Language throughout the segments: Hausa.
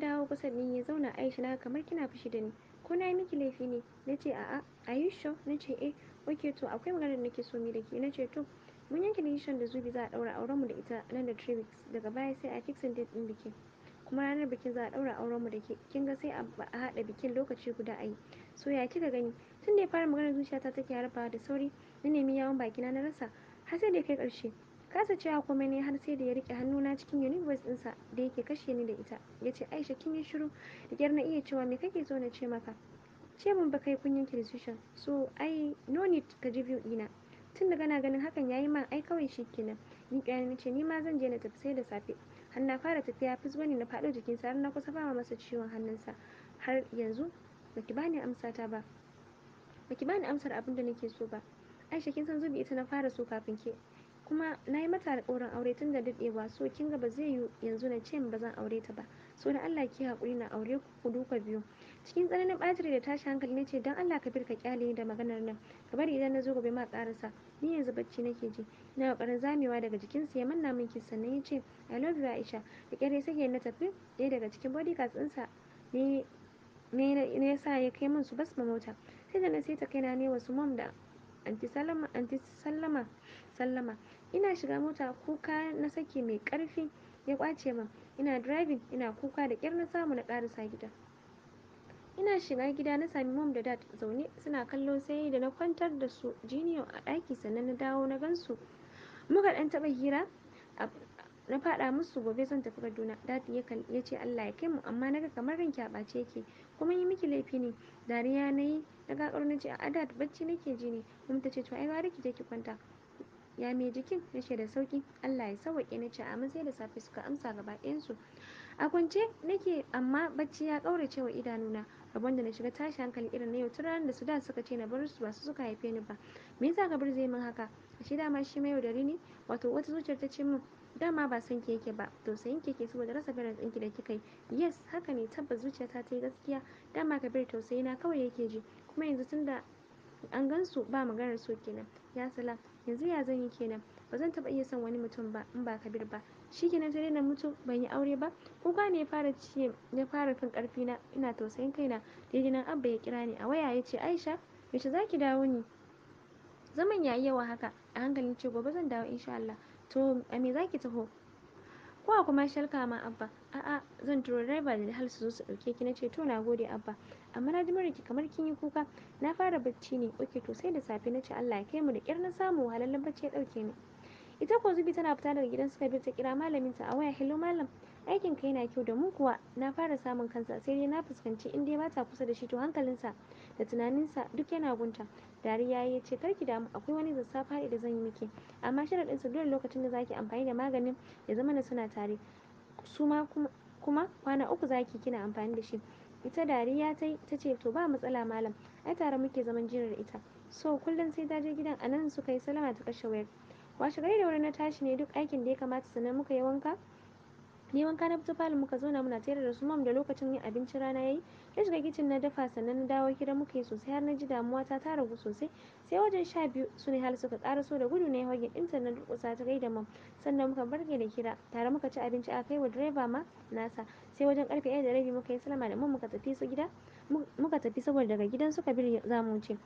dawo kusa da ni ya zauna Aisha na kamar kina fushi da ni ko na yi miki laifi ne na ce a'a a yi sure na ce eh ok to akwai maganar da nake so mi da ke na ce to mun yanke nishan da zubi za a daura auren mu da ita nan da three weeks daga baya sai a fixing date din bikin kuma ranar bikin za a daura auren mu da ke kin ga sai a haɗa bikin lokaci guda a yi so ya kika gani tun da ya fara maganar zuciyata take harbawa da sauri na nemi yawon bakina na rasa har sai da kai ƙarshe kasa cewa komai ne har sai da ya rike hannuna cikin universe ɗinsa da yake kashe ni da ita ya ce aisha kin yi shiru da kyar na iya cewa me kake so na ce maka ce mun baka yi kun yanke so ai no need ka ji biyu ɗina tun da kana ganin hakan yayi man ai kawai shi kenan ni ƙyani na ce ni ma zan je na tafi sai da safe har na fara tafiya fis ne na faɗo jikinsa har na kusa fama masa ciwon hannunsa har yanzu baki bani amsa ba baki bani amsar abin da nake so ba aisha kin san zubi ita na fara so kafin ke kuma na yi mata alƙawarin aure tun da daɗewa so kin ga ba zai yi yanzu na ce ba zan aure ta ba so da Allah ki hakuri na aure ku duka biyu cikin tsananin ɓacin da tashi hankali na ce don Allah ka birka kyale da maganar nan ka bari idan na zo gobe ma ƙarasa ni yanzu bacci nake ji na ƙoƙarin zamewa daga jikinsa ya manna min kisa sannan ya ce I love you Aisha da ƙyar sake na tafi ɗaya daga cikin bodyguards ɗinsa ne ne ya sa ya kai min su bas basma mota sai da na sai ta kaina ne wasu mom da anti sallama sallama ina shiga mota kuka na saki mai karfi ya kwace ma ina driving ina kuka da kyar na samu na ƙarasa gida ina shiga gida na sami mom da dad zaune suna kallo sai da na kwantar da su jiniyo a ɗaki sannan na dawo na gansu muka ɗan taɓa hira na faɗa musu gobe zan tafi Kaduna dad ya ce Allah ya kaimu mu amma naga kamar ranki a ɓace yake kuma yi miki laifi ne dariya nayi na gagaro ce a dad bacci nake ji ne mun ta ce to ai ki je ki kwanta ya mai jikin na da sauki Allah ya sauwaƙe na ce amma sai da safe suka amsa gaba ɗayansu a kwance nake amma bacci ya ƙaurace wa idanuna rabon da na shiga tashi hankali irin na yau tun ranar da su da suka ce na bar su ba su suka haife ni ba me yasa bar zai min haka ashe dama shi mai da ne wato wata zuciyar ta ce min dama ba san ke yake ba to sayin ki ke saboda rasa barin ki da kika yi yes haka ne tabbas zuciyar ta yi gaskiya dama ka bari tausayi na kawai yake ji kuma yanzu tunda an gan su ba maganar so kenan ya salam yanzu ya zan yi kenan ba zan taɓa iya son wani mutum ba in ba kabir ba shikenan sai dai na mutu ban yi aure ba kuka ne ya fara ciye ya fara fin karfi na ina tausayin kaina daidai nan abba ya kira ni a waya ya ce aisha yaushe za ki dawo ni zaman ya yi yawa haka a hankalin ce gobe zan dawo insha Allah to a me za ki taho kowa kuma shalka ma abba a'a zan turo driver da hal su zo su dauke ki na ce to nagode abba amma na ji ki kamar kin yi kuka na fara bacci ne oke to sai da safe na ce Allah ya kai mu da kyar na samu halallan bacci ya dauke ni ita ko zubi tana fita daga gidan suka ta kira malamin ta a waya hello malam aikin kai yana kyau da mu kuwa na fara samun kansa sai dai na fuskanci in dai bata kusa da shi to hankalinsa da tunaninsa duk yana gunta dariya ya ce karki damu akwai wani zassafa da zan yi miki amma sharaɗin su dole lokacin da zaki amfani da maganin ya zama na suna tare su ma kuma kwana uku zaki kina amfani da shi ita dariya ta ta ce to ba matsala malam ai tare muke zaman jira da ita so kullum sai ta je gidan anan suka yi salama ta kashe wayar washe gari da wuri na tashi ne duk aikin da ya kamata sannan muka yi wanka ni wanka na fito falon muka zauna muna tsere da su mam da lokacin yin abincin rana yayi na shiga kicin na dafa sannan na dawo gida muka yi sosai har na ji damuwa ta ta ragu sosai sai wajen sha biyu su ne hal suka so da gudu na yi hagin ɗinta na durƙusa ta gaida mam sannan muka barge da kira tare muka ci abinci a kai wa direba ma nasa sai wajen karfe ɗaya da rabi muka yi salama da mam muka tafi su gida muka tafi saboda daga gidan su kabir za mu wuce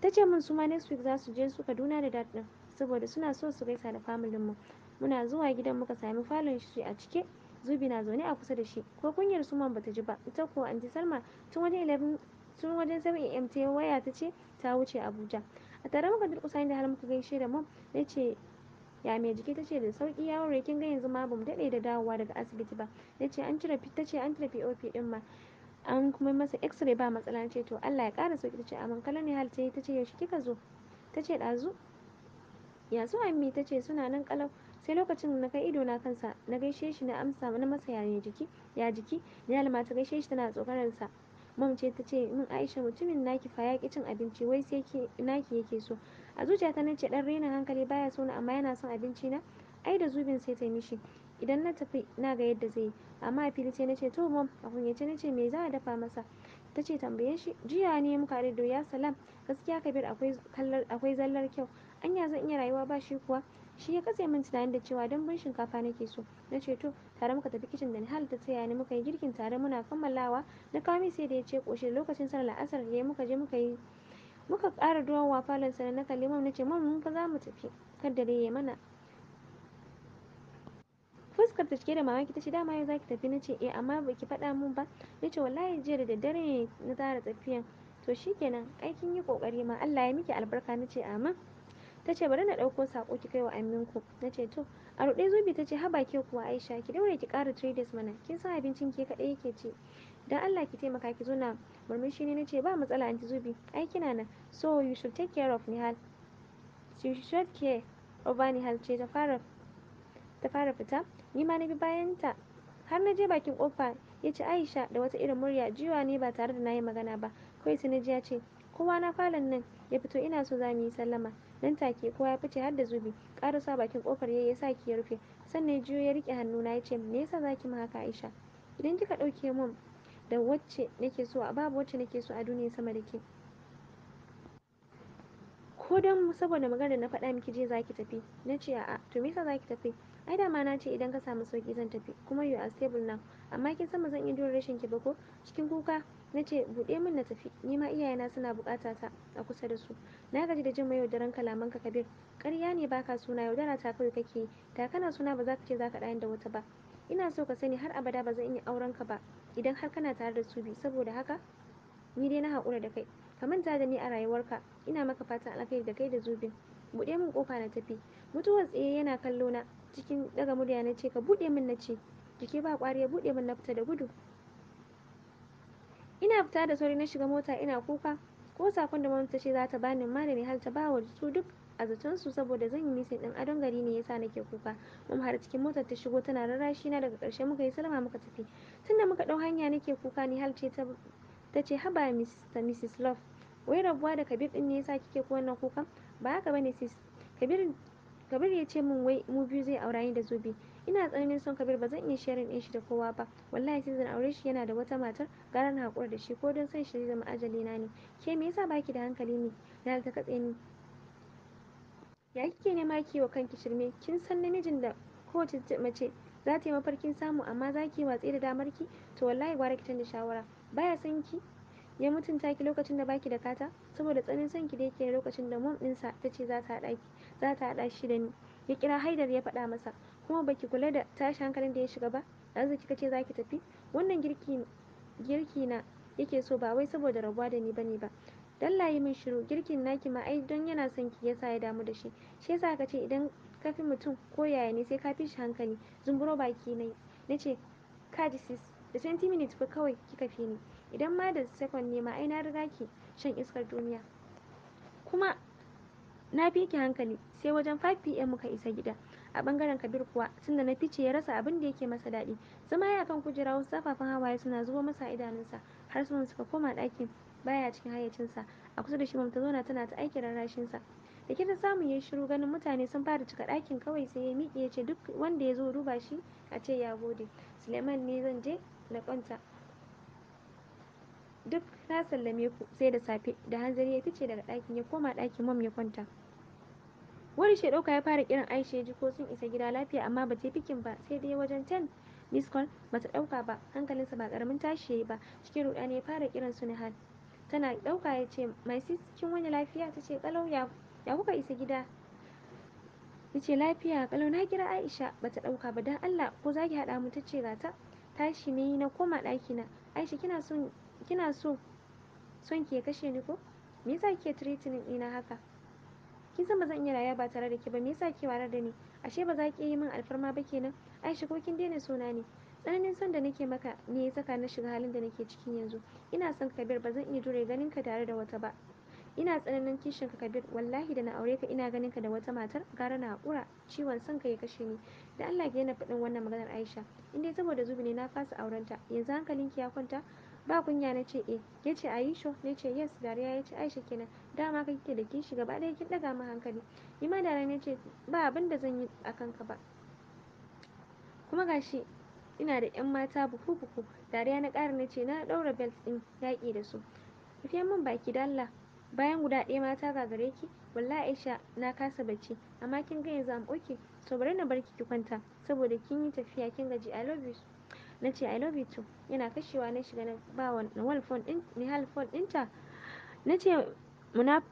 ta ce min su ma next week za su je su kaduna da daɗin saboda suna so su gaisa da familin mu muna zuwa gidan muka sami falon shi a cike zubi na zaune a kusa da shi ko kunyar suman bata ji ba ita kuwa anti salma tun wajen 11 tun wajen 7 am ta waya ta ce ta wuce abuja a tare muka durkusa inda har muka gaishe da mom na ce ya mai jiki tace da sauki ya ware kin ga yanzu ma bamu dade da dawowa daga asibiti ba nace an cire tace an cire POP din ma an kuma masa x-ray ba matsala ce to Allah ya kara sauki tace amma kala ne hal tace yaushe kika zo tace dazu ya zo ammi tace suna nan kalau sai lokacin da na kai ido na kansa na gaishe shi na amsa na masa ya jiki ya jiki nalima ta gaishe shi tana tsokarar sa mam ce ta ce min Aisha mutumin naki fa ya ki cin abinci wai sai naki yake so a zuciyata nace dan rena hankali baya so na amma yana son abinci na ai da zubin sai ta mishi idan na tafi na ga yadda zai yi amma a fili sai nace ce to mom a kunyace na ce me za a dafa masa ta ce tambaye shi jiya ne muka da ya salam gaskiya kabir akwai zallar kyau anya zan iya rayuwa ba shi kuwa shi ya katse min tunanin da cewa dambun shinkafa nake so na ce to tare muka tafi kicin da Nihal ta tsaya ni muka yi girkin tare muna kammalawa na kawo sai da ya ce koshi lokacin sallar asar ya muka je muka yi muka ƙara duwawa falon sannan na kalli mam na ce mam mun fa za mu tafi kar dare ya mana fuskar ta cike da mamaki ta ce dama yau ki tafi na ce eh amma baki faɗa mun ba na ce wallahi jiya da daddare ne na tara tafiyan to shikenan aikin yi kokari ma Allah ya miki albarka na ce amin ta ce bari na ɗauko sako ki kai wa aminku na ce to a ruɗe zubi ta ce haba ke kuwa aisha ki daure ki ƙara traders mana kin san abincin ke kaɗai yake ce dan Allah ki taimaka ki zo na murmushi ne na ce ba matsala anti zubi ai kina nan so you should take care of Nihal you should care over Nihal ce ta fara ta fara fita ni ma na bi bayan ta har na je bakin kofa ya ce Aisha da wata irin murya jiwa ne ba tare da na yi magana ba kawai sai na ji ya ce kowa na falon nan ya fito ina so za mu yi sallama nan take kowa ya fice har da zubi ƙarasa bakin kofar yayi sa ki ya rufe sannan ya juyo ya rike hannuna ya ce me yasa zaki min haka Aisha idan kika ɗauke mun da wacce nake so a babu wacce nake so a duniya sama da ke ko don saboda magana na faɗa miki je zaki tafi na ce a'a to me yasa zaki tafi ai da ma na ce idan ka samu sauki zan tafi kuma you are stable now amma kin san zan iya jure rashin ki ba ko cikin kuka na ce buɗe min na tafi ni ma iyayena suna buƙata ta a kusa da su na gaji da jin yaudaran kalaman ka kabir ƙarya ne baka suna yaudara ta kawai kake yi da kana suna ba za ka ce za ka da wata ba ina so ka sani har abada ba zan iya auren ka ba idan har kana tare da su bi saboda haka ni dai na haƙura da kai ka manta da ni a rayuwarka ina maka fatan alkhairi da kai da zubin buɗe min ƙofa na tafi mutuwar tsaye yana kallo na cikin daga murya na ce ka buɗe min na ce jiki ba ƙwari ya buɗe min na fita da gudu ina fita da sauri na shiga mota ina kuka ko sakon da mamata ce za ta bani ma da har ta bawa su duk a zaton su saboda zan yi misin din adon gari ne yasa nake kuka mun har cikin motar ta shigo tana rarrashi na daga karshe muka yi salama muka tafi tunda muka dau hanya nake kuka ni hal ce ta ta ce haba Mr. Mrs. Love wai rabuwa da Kabir din ne yasa kike ku wannan kukan ba haka bane sis Kabir Kabir ya ce min wai mu biyu zai aura ni da Zubi ina tsananin son kabir ba zan iya sharing din shi da kowa ba wallahi sai zan aure shi yana da wata matar gara na haƙura da shi ko don san shi da zama ajali na ne ke me yasa baki da hankali ne na ta katse ni ya kike nema ki wa kanki shirme kin san namijin da kowace mace za ta yi mafarkin samu amma za ki watsi da damar ki to wallahi gwara ki da shawara baya san ki ya mutunta ki lokacin da baki da kata saboda tsanin son ki da yake lokacin da mom ɗinsa ta ce za ta haɗa shi da ni ya kira haidar ya faɗa masa kuma baki kula da tashin hankalin da ya shiga ba zai kika ce za ki tafi wannan girki girki na yake so ba wai saboda rabuwa da ni bane ba dan layi min shiru girkin naki ma ai don yana son ki yasa ya damu da shi shi yasa ka ce idan ka fi mutum ko yaya ne sai ka fi shi hankali zumburo baki na nace kaji sis da 20 minutes fa kawai kika fi ni idan ma da second ne ma ai na riga ki shan iskar duniya kuma na fi ki hankali sai wajen 5 pm muka isa gida a bangaren kabir kuwa tunda na fice ya rasa abin da yake masa daɗi zama ya kan kujera wasu zafafan hawaye suna zubo masa idanunsa har sun suka koma ɗakin baya cikin hayyacinsa a kusa da shi mamta zauna tana ta aiki rarrashinsa da kira samun ya shiru ganin mutane sun fara cika ɗakin kawai sai ya miƙe ya ce duk wanda ya zo duba shi a ce ya gode suleiman ne zan je na kwanta duk na sallame ku sai da safe da hanzari ya fice daga ɗakin ya koma ɗakin mam ya kwanta wani shi ɗauka ya fara kiran aisha ya ji ko sun isa gida lafiya amma ba ta fikin ba sai dai wajen ten miskon ba ta ɗauka ba hankalinsa ba ƙaramin tashi ya yi ba cikin ruɗani ya fara kiran su nihal tana ɗauka ya ce mai sis kin wani lafiya ta ce kalau ya kuka isa gida ya ce lafiya kalau na kira aisha ba ta ɗauka ba don allah ko za ki haɗa mu ta ce ga ta tashi ne na koma ɗakina aisha kina son kina son ki ya kashe ni ko me yasa kike treating ina haka kin san ba zan iya rayuwa ba tare da ki ba me yasa ki warar da ni ashe ba za ki yi min alfarma ba kenan Aisha ko kin daina suna ne tsananin son da nake maka ne ya saka na shiga halin da nake cikin yanzu ina son Kabir ba zan iya jure ganin ka tare da wata ba ina tsananin kishin ka Kabir wallahi da na aure ka ina ganin ka da wata matar gara na hakura ciwon son ka ya kashe ni da Allah ki yana faɗin wannan maganar Aisha in dai saboda zubi ne na fasa aurenta yanzu hankalinki ya kwanta ba kunya na ce eh ya ce a yi sho na ce yes dariya ya ce aisha kenan dama ka kike da kishi gaba ɗaya kin ɗaga mu hankali ni ma na ce ba abin da zan yi a kanka ba kuma gashi ina da yan mata buku buku dariya na ƙara na ce na ɗaura belt ɗin yaƙi da su rufe min baki da Allah bayan guda ɗaya mata ga gare ki wallahi Aisha na kasa bacci amma kin ga yanzu am oke to bari na barki ki kwanta saboda kin yi tafiya kin gaji I love you na ce I love you too yana kashewa na shiga na ba wa Nawal phone din Nihal phone ɗinta na ce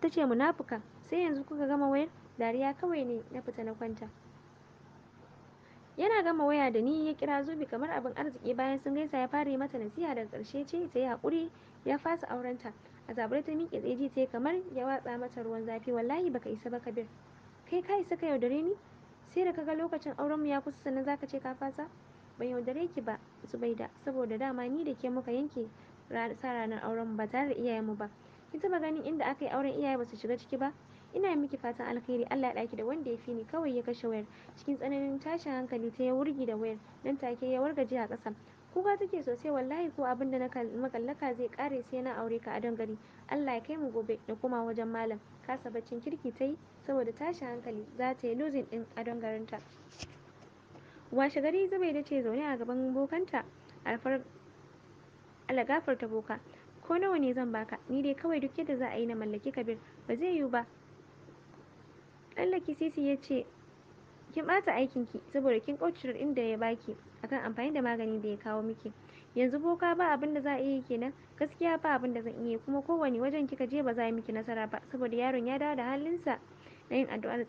ta ce munafuka sai yanzu kuka gama wayar dariya kawai ne na fita na kwanta yana gama waya da ni ya kira zubi kamar abin arziki bayan sun gaisa ya fara mata nasiha daga ƙarshe ce ta yi haƙuri ya fasa aurenta a zaburai ta miƙe tsaye ji ta kamar ya watsa mata ruwan zafi wallahi baka isa ba kabir kai ka isa ka yaudare ni sai da kaga lokacin auren mu ya kusa sannan zaka ce ka fasa ban yaudare ki ba Zubaida saboda dama ni da ke muka yanke sa ranar auren ba tare da iyayenmu ba kin taba ganin inda aka yi auren iyaye ba su shiga ciki ba ina miki fatan alkhairi Allah ya daki da wanda ya fi ni kawai ya kashe wayar cikin tsananin tashin hankali ta ya wurgi da wayar nan take ya wargaje a ƙasa kuka take sosai wallahi ko abin da na makallaka zai kare sai na aure ka a don gari Allah ya kai mu gobe da kuma wajen malam kasa baccin kirki ta yi saboda tashin hankali za ta yi losing din a don garinta washe gari zubaida ce zaune a gaban bokanta alfar alagafar ta boka ko nawa ne zan baka ni dai kawai duk yadda za a yi na mallaki kabir ba zai yiwu ba tsallaki sisi ya ce kin ɓata ki saboda kin ƙaucirar inda ya baki akan amfani da magani da ya kawo miki yanzu boka ba abin da za a iya kenan gaskiya ba abin da zan iya kuma kowane wajen kika je ba za a yi miki nasara ba saboda yaron ya dawo da halinsa na yin addu'ar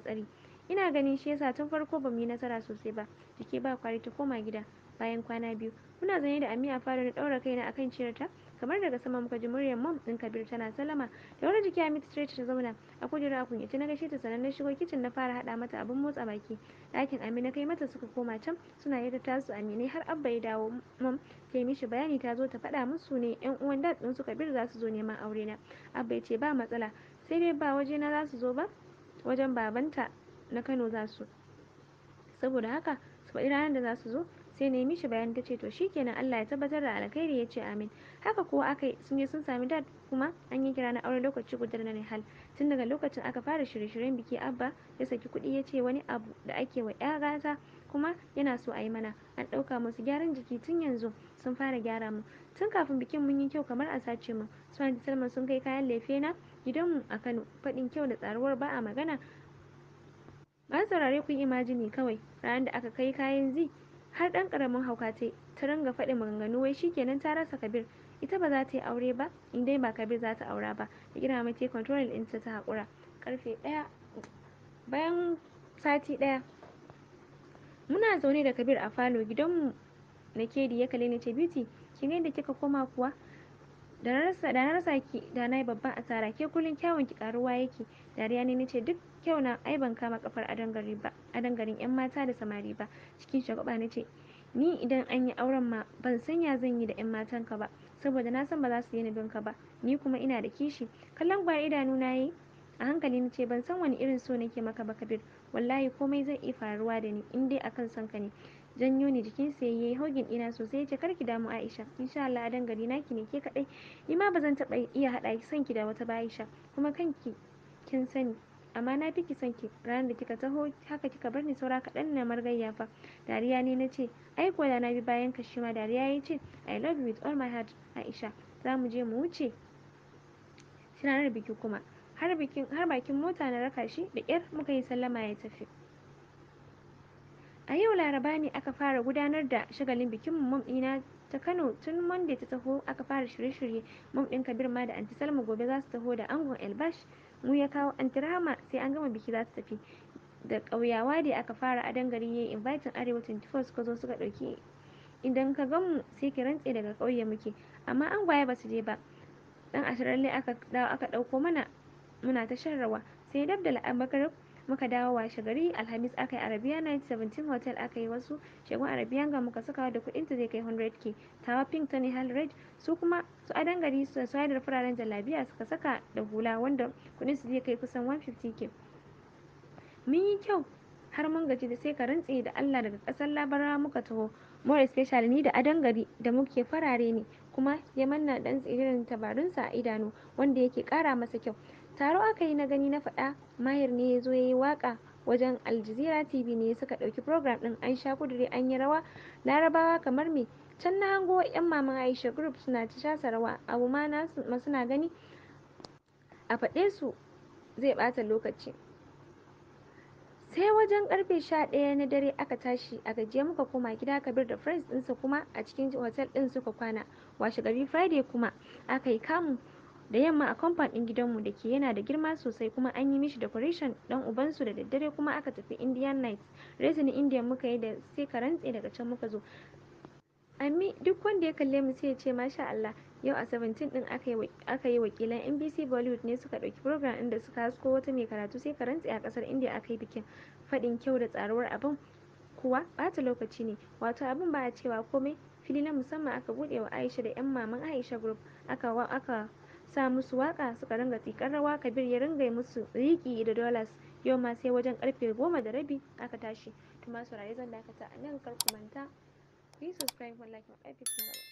tsari ina ganin shi yasa tun farko ba yi nasara sosai ba jiki ba kwari ta koma gida bayan kwana biyu muna zane da amiya fara na daura kaina akan cirata kamar daga sama muka ji muryar mom din kabir tana salama da wani jiki amit straight ta zauna a kujera a kunyace na gaishe ta sanan na shigo kicin na fara hada mata abin motsa baki ɗakin amina kai mata suka koma can suna yadda ta su aminai har abba ya dawo mom ta yi mishi bayani ta zo ta faɗa musu ne yan uwan dad din su kabir za su zo neman aure na abba ya ce ba matsala sai dai ba waje na za su zo ba wajen babanta na kano za su saboda haka su faɗi ranar da za su zo sai na yi mishi bayani ta ce to shikenan Allah ya tabbatar da alkhairi ya ce amin haka kuwa aka yi sun je sun sami dad kuma an yi kira na auren lokaci gudanar na Nihal tun daga lokacin aka fara shirye-shiryen biki Abba ya saki kuɗi ya ce wani abu da ake wa 'ya gata kuma yana so a yi mana an ɗauka musu gyaran jiki tun yanzu sun fara gyara mu tun kafin bikin mun yi kyau kamar a sace mu su da salman sun kai kayan lefe na gidanmu a Kano faɗin kyau da tsaruwar ba a magana masu saurare kun yi imajini kawai ranar da aka kai kayan zi har ɗan ƙaramin hauka ta ta ringa faɗin maganganu wai shi kenan ta rasa kabir ita ba za ta yi aure ba in dai ba kabir za ta aura ba da gina mai ta control ɗinta ta haƙura karfe ɗaya bayan sati ɗaya muna zaune da kabir a falo gidanmu na kedi ya kalle ni ce beauty kin yadda kika koma kuwa da na rasa ki da na yi babban asara ke kullun kyawun ki karuwa yake dariya ne nace duk kyau na ai ban kama kafar adon gari ba adon garin yan mata da samari ba cikin shagaba nace ni idan an yi auren ma ban sanya zan yi da yan matan ka ba saboda na san ba za su yi bin ka ba ni kuma ina da kishi kallon gwar idanu na yi a hankali na ce ban san wani irin so nake maka ba kabir wallahi komai zai iya faruwa da ni in dai akan son ka ne janyo ni sa yayi hogin ɗina sosai yace kar ki damu Aisha insha Allah adan gari naki ne ke kadai ni ma bazan taba iya hada ki san ki da wata ba Aisha kuma kanki kin sani amma na fi ki ki ranar da kika taho haka kika bar ni saura kaɗan na margayya fa dariya ne na ce ai kuwa da na bi bayan ka shi ma dariya ya ce i love you with all my heart aisha za mu je mu wuce ranar biki kuma har bakin mota na raka shi da kyar muka yi sallama ya tafi a yau laraba ne aka fara gudanar da shagalin bikin mum ɗina ta kano tun monday ta taho aka fara shirye-shirye mum ɗin kabir ma da anti salma gobe za su taho da angon elbash mu ya kawo anti rahama sai an gama biki za su tafi da ƙauyawa da aka fara a dangare yi inviting arewa 24 suka zo suka ɗauki idan ka gan mu sai ki rantse daga ƙauye muke amma an gwaya ba su je ba dan ashiralle aka dawo aka ɗauko mana muna ta shan rawa sai dab da muka dawo washe gari alhamis aka yi arabiya night hotel aka yi wasu shagun arabiyan ga muka sakawa da kuɗin ta zai kai 100k tawa pink tony hal red su kuma su adan gari su sadar fararen jalabiya suka saka da hula wanda kuɗin su zai kai kusan 150k mun yi kyau har mun gaji da sai ka rantse da Allah daga ƙasar labarawa muka taho more especially ni da adan gari da muke farare ne kuma ya manna dan tsirin tabarunsa a idanu wanda yake ƙara masa kyau taro aka yi na gani na faɗa mahir ne ya zo ya yi waƙa wajen aljazeera tv ne suka ɗauki program ɗin an sha kuduri an yi rawa larabawa kamar me can na hango yan maman aisha group suna ta shasa rawa abu ma na suna gani a faɗe su zai ɓata lokaci sai wajen karfe sha ɗaya na dare aka tashi a gajiya muka koma gida kabir da friends ɗinsa kuma a cikin hotel ɗin suka kwana washe gari friday kuma aka yi kamu da yamma a kwamfan ɗin gidanmu da ke yana da girma sosai kuma an yi mishi decoration dan ubansu da daddare kuma aka tafi indian night racing india muka yi da sai ka rantse daga can muka zo ammi duk wanda ya kalle mu sai ya ce masha Allah yau a 17 din aka yi wakilan NBC Bollywood ne suka dauki program inda suka hasko wata mai karatu sai ka rantse a kasar India aka yi bikin faɗin kyau da tsaruwar abin kuwa bata lokaci ne wato abin ba a cewa komai fili na musamman aka bude wa Aisha da yan maman Aisha group aka aka sa musu waka suka ringa tsikar rawa kabir ya ringa musu riki da dollars yau ma sai wajen karfe goma da rabi aka tashi tuma rayu zan dakata a nan kar ku manta please subscribe for like my epic